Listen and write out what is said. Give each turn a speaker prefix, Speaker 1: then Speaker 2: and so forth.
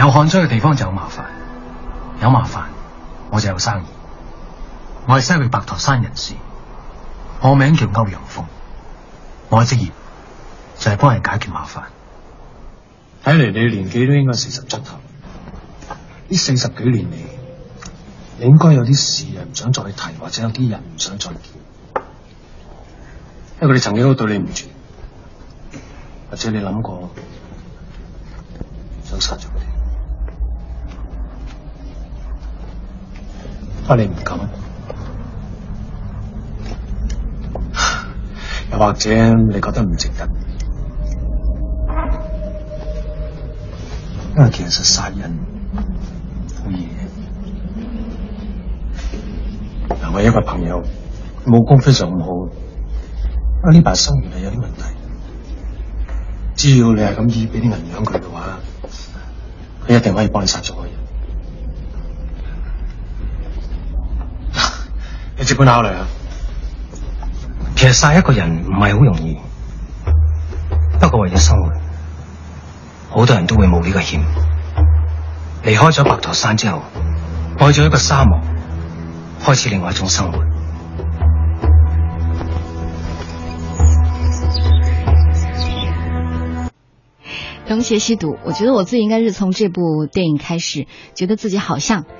Speaker 1: 有旱災嘅地方就有麻煩，有麻煩我就有生意。我係西域白駝山人士，我名叫歐陽鋒，我嘅職業就係、是、幫人解決麻煩。睇嚟你年紀都應該四十出頭，呢四十幾年嚟，你應該有啲事啊唔想再提，或者有啲人唔想再見，因為佢哋曾經都對你唔住，或者你諗過想殺咗
Speaker 2: 你唔敢，又或者你覺得唔值得，
Speaker 1: 因為其實殺人好嘢。嗱，我一個朋友武功非常咁好，呢排生活係有啲問題，只要你係咁意俾啲銀養佢嘅話，
Speaker 2: 佢一定可以幫你殺咗。接本下來其實殺一個人唔係好
Speaker 1: 容易，不過為咗生活，好多人都會冒呢個險。離開咗白駝山之後，去咗一個沙漠，開始另外一種生活。
Speaker 3: 東邪西毒，我覺得我自己應該是從這部電影開始，覺得自己好像。